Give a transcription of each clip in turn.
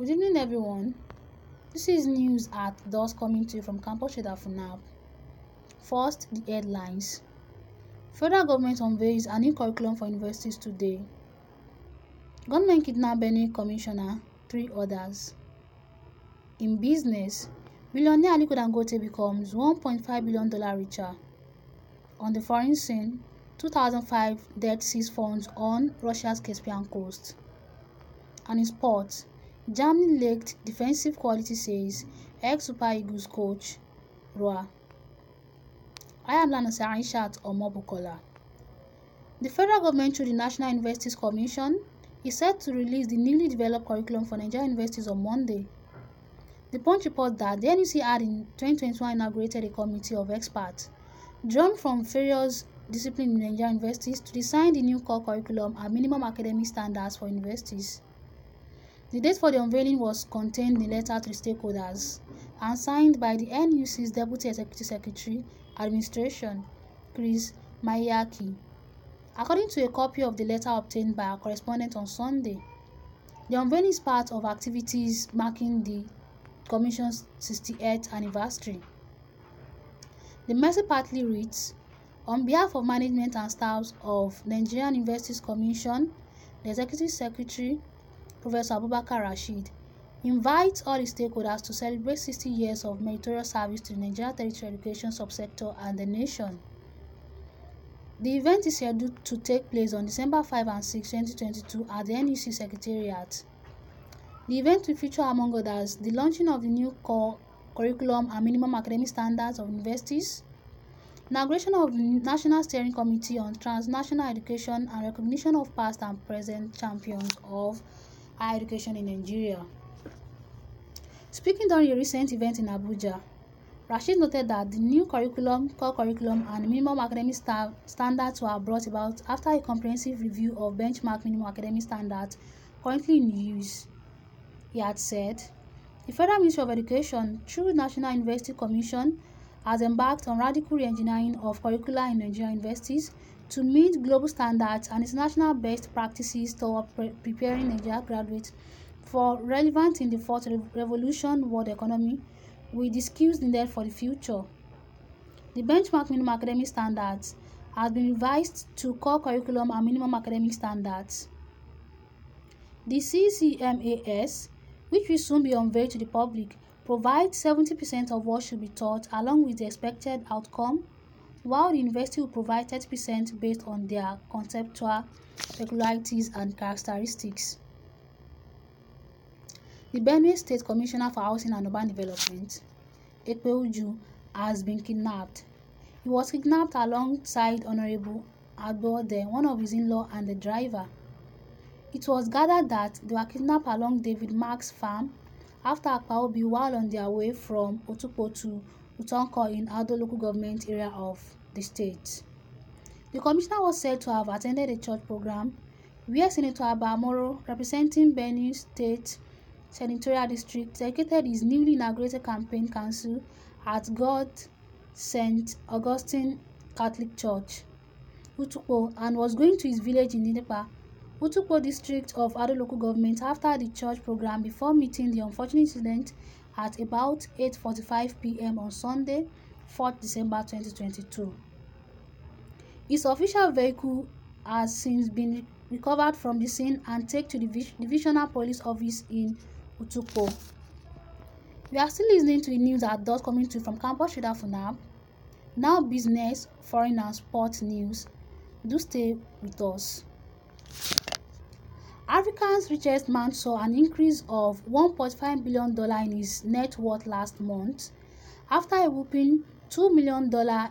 Good evening, everyone. This is news at dusk coming to you from Campus Trader FUNAB. First, the headlines. Federal government unveils a new curriculum for universities today. Government kidnap Benue commissioner, three others. In business, billionaire Aliko Dangote becomes $1.5 billion richer. On the foreign scene, 2005 dead seized funds on Russia's Caspian coast. And in sports, Germany-lacked defensive quality says ex-Super Eagles coach I Roy Ayabalo's Ainshat Ọmọbụkọla. The federal government through the National Universities Commission is set to release the newly developed curriculum for Nigerian universities on Monday. The Punch reports that the NUC had in 2021 inaugurated a committee of experts drawn from various disciplines in Nigerian universities to design the new core curriculum and minimum academic standards for universities. The date for the unveiling was contained in a letter to stakeholders and signed by the NUC's Deputy Executive Secretary, Administration, Chris Mayaki. According to a copy of the letter obtained by our correspondent on Sunday, the unveiling is part of activities marking the Commission's 68th anniversary. The message partly reads On behalf of management and staff of Nigerian Universities Commission, the Executive Secretary, Professor Abubakar Rashid, invites all stakeholders to celebrate 60 years of meritorious service to the Nigerian tertiary education subsector and the nation. The event is scheduled to take place on December 5 and 6, 2022 at the NEC Secretariat. The event will feature, among others, the launching of the new core curriculum and minimum academic standards of universities, inauguration of the National Steering Committee on Transnational Education and recognition of past and present champions of higher education in Nigeria. Speaking during a recent event in Abuja, Rashid noted that the new curriculum, core curriculum, and minimum academic sta- standards were brought about after a comprehensive review of benchmark minimum academic standards currently in use. He had said, The Federal Ministry of Education, through National University Commission, has embarked on radical reengineering of curricula in Nigerian universities to meet global standards and international best practices toward pre preparing Nigeria graduates for relevant in the fourth revolution world economy with the skills needed for the future. The benchmark minimum academic standards has been revised to core curriculum and minimum academic standards. The CCMAS, which will soon be unveiled to the public, provides 70% of what should be taught along with the expected outcome while the university will provide 30% based on their conceptual peculiarities and characteristics. The Benue State Commissioner for Housing and Urban Development, Ekpe Uju, has been kidnapped. He was kidnapped alongside Honorable Abode, one of his in-law and the driver. It was gathered that they were kidnapped along David Mark's farm after Akpaobi while on their way from Otupo to Utonko in Ado local government area of the state. The commissioner was said to have attended a church program where Senator Abamoro, representing Benue State Senatorial District, dedicated his newly inaugurated campaign council at God St. Augustine Catholic Church, Utukpo, and was going to his village in Nidepa, Utukpo district of Ado local government after the church program before meeting the unfortunate incident at about 8:45 p.m. on Sunday, 4th December 2022. His official vehicle has since been recovered from the scene and taken to the Divisional Police Office in Utuko. We are still listening to the news that does coming to you from Campus for Funab. Now business, foreign and sport news. Do stay with us. Africa's richest man saw an increase of $1.5 billion in his net worth last month after a whooping $2 million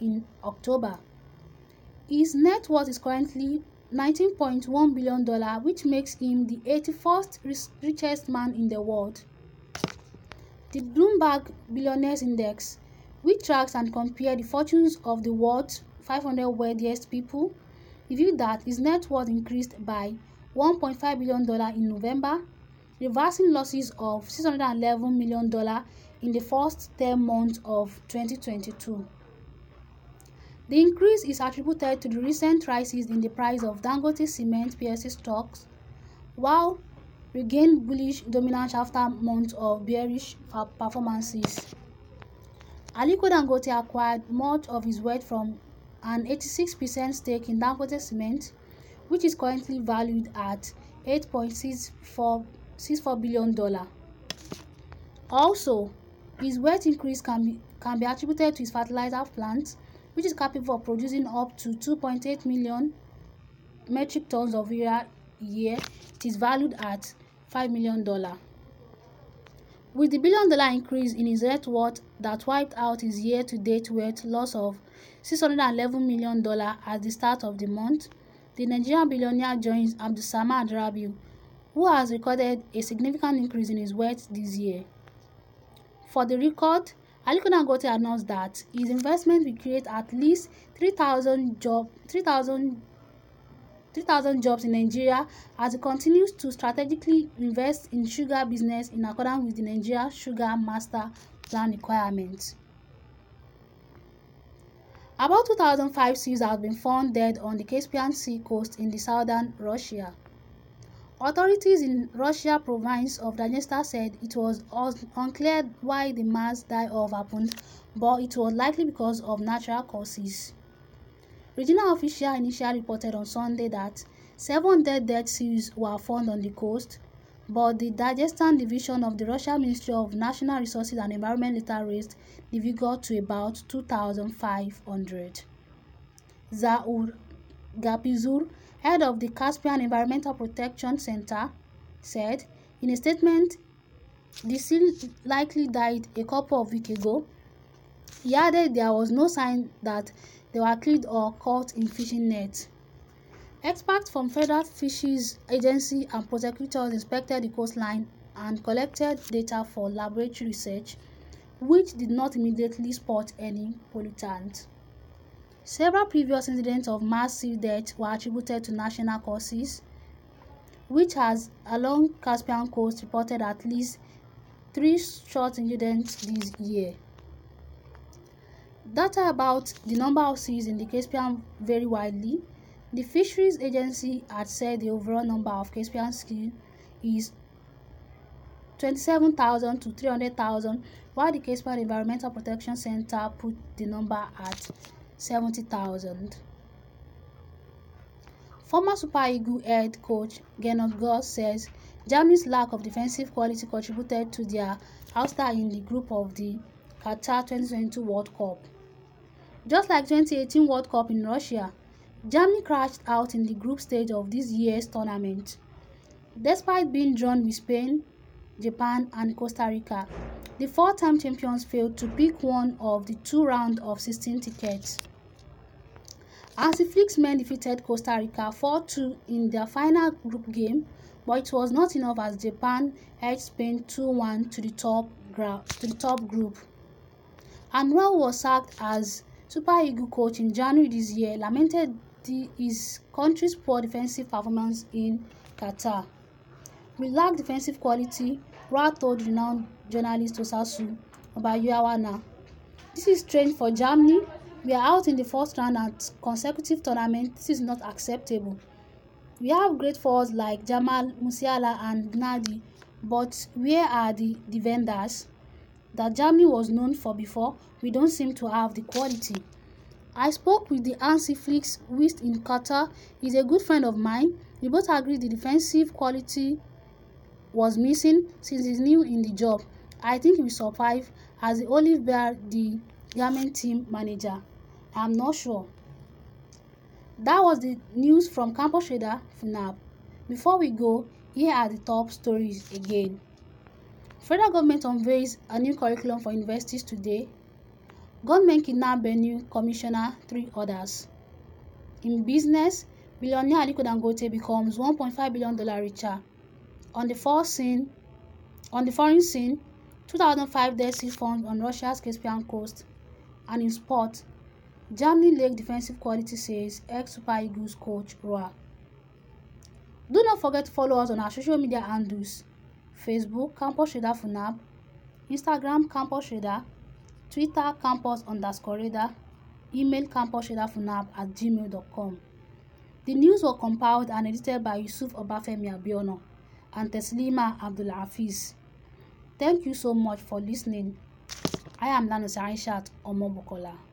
in October. His net worth is currently $19.1 billion, which makes him the 81st richest man in the world. The Bloomberg Billionaires Index, which tracks and compares the fortunes of the world's 500 wealthiest people, revealed that his net worth increased by $1.5 billion in November, reversing losses of $611 million in the first 10 months of 2022. The increase is attributed to the recent rises in the price of Dangote Cement PLC stocks, while regained bullish dominance after months of bearish performances. Aliko Dangote acquired much of his wealth from an 86% stake in Dangote Cement, which is currently valued at $8.64 billion. Also, his wealth increase can be, can be attributed to his fertilizer plant, which is capable of producing up to 2.8 million metric tons of urea a year. It is valued at $5 million. With the billion dollar increase in his net worth that wiped out his year to date wealth loss of $611 million at the start of the month, the Nigerian billionaire joins Samad Rabiu, who has recorded a significant increase in his wealth this year. For the record, Aliko Dangote announced that his investment will create at least 3,000 job, 3, jobs in Nigeria as it continues to strategically invest in sugar business in accordance with the Nigeria Sugar Master Plan requirements. About 2,005 seals have been found dead on the Caspian Sea coast in the southern Russia. Authorities in Russia province of Dagestan said it was unclear why the mass die-off happened, but it was likely because of natural causes. Regional officials initially reported on Sunday that seven dead dead seals were found on the coast, but the Dagestan division of the Russian Ministry of National Resources and Environment later raised the figure to about 2,500. Zaur Gapizur, head of the Caspian Environmental Protection Center, said in a statement, the seal likely died a couple of weeks ago. He added there was no sign that they were killed or caught in fishing nets. Experts from Federal Fisheries Agency and prosecutors inspected the coastline and collected data for laboratory research, which did not immediately spot any pollutant. Several previous incidents of mass sea death were attributed to national causes, which has along Caspian coast reported at least three short incidents this year. Data about the number of seas in the Caspian vary widely, the Fisheries Agency had said the overall number of Caspian skin is 27,000 to 300,000, while the Caspian Environmental Protection Center put the number at 70,000. Former Super Eagle head coach Gernot Goss says Germany's lack of defensive quality contributed to their ouster in the group of the Qatar 2022 World Cup. Just like 2018 World Cup in Russia, Germany crashed out in the group stage of this year's tournament. Despite being drawn with Spain, Japan, and Costa Rica, the four time champions failed to pick one of the two rounds of 16 tickets. As the men defeated Costa Rica 4 2 in their final group game, but it was not enough as Japan edged Spain 2 1 to the top, gra- to the top group. Anwar was sacked as Super Eagle coach in January this year, lamented the, his country's poor defensive performance in Qatar. We lack defensive quality, Ra told renowned journalist Tosasu Now, This is strange for Germany. We are out in the first round at consecutive tournament. This is not acceptable. We have great forwards like Jamal Musiala and Gnadi, but where are the defenders that Germany was known for before? We don't seem to have the quality. I spoke with the Ansi Flix whist in Qatar. He's a good friend of mine. We both agreed the defensive quality was missing since he's new in the job. I think he will survive as the olive bear the Yemen team manager. I'm not sure. That was the news from Campus Trader FNAP. Before we go, here are the top stories again. Federal government unveils a new curriculum for universities today. Goldman kidnapped Benue commissioner, three others. In business, billionaire Aliko Dangote becomes $1.5 billion richer. On the, foreign scene, on the foreign scene, 2005 death is found on Russia's Caspian coast. And in sport, Germany lack defensive quality, says ex Super Eagles coach Roa. Do not forget to follow us on our social media handles Facebook, Campus Trader Funab, Instagram, Campus Trader, Twitter campus underscore radar, email campusradarfunab at gmail dot com. The news was compiled and edited by Yusuf Obafemi Abiona and Teslima Abdulhafiz. Thank you so much for listening. I am Lanusa Aishat Omobukola.